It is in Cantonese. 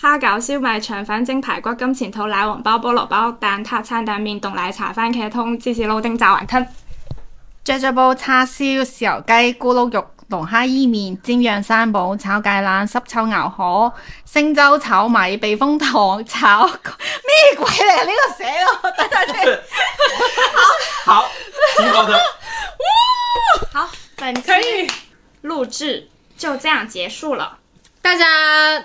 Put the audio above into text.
蝦餃、燒賣、腸粉、蒸排骨、金錢肚、奶黃包、菠蘿包、蛋撻、餐蛋麵、凍奶茶、番茄通、芝士撈丁炸雲吞、啫啫煲、叉燒、豉油雞、咕嚕肉、龍蝦伊麵、煎釀三寶、炒芥蘭、濕臭牛河、星洲炒米、避風塘炒咩鬼嚟？呢個寫咯，睇睇先。好， 好， 好，好,好，好，好，好，好，好，好，好，好，好，好，好，好，好，好，好，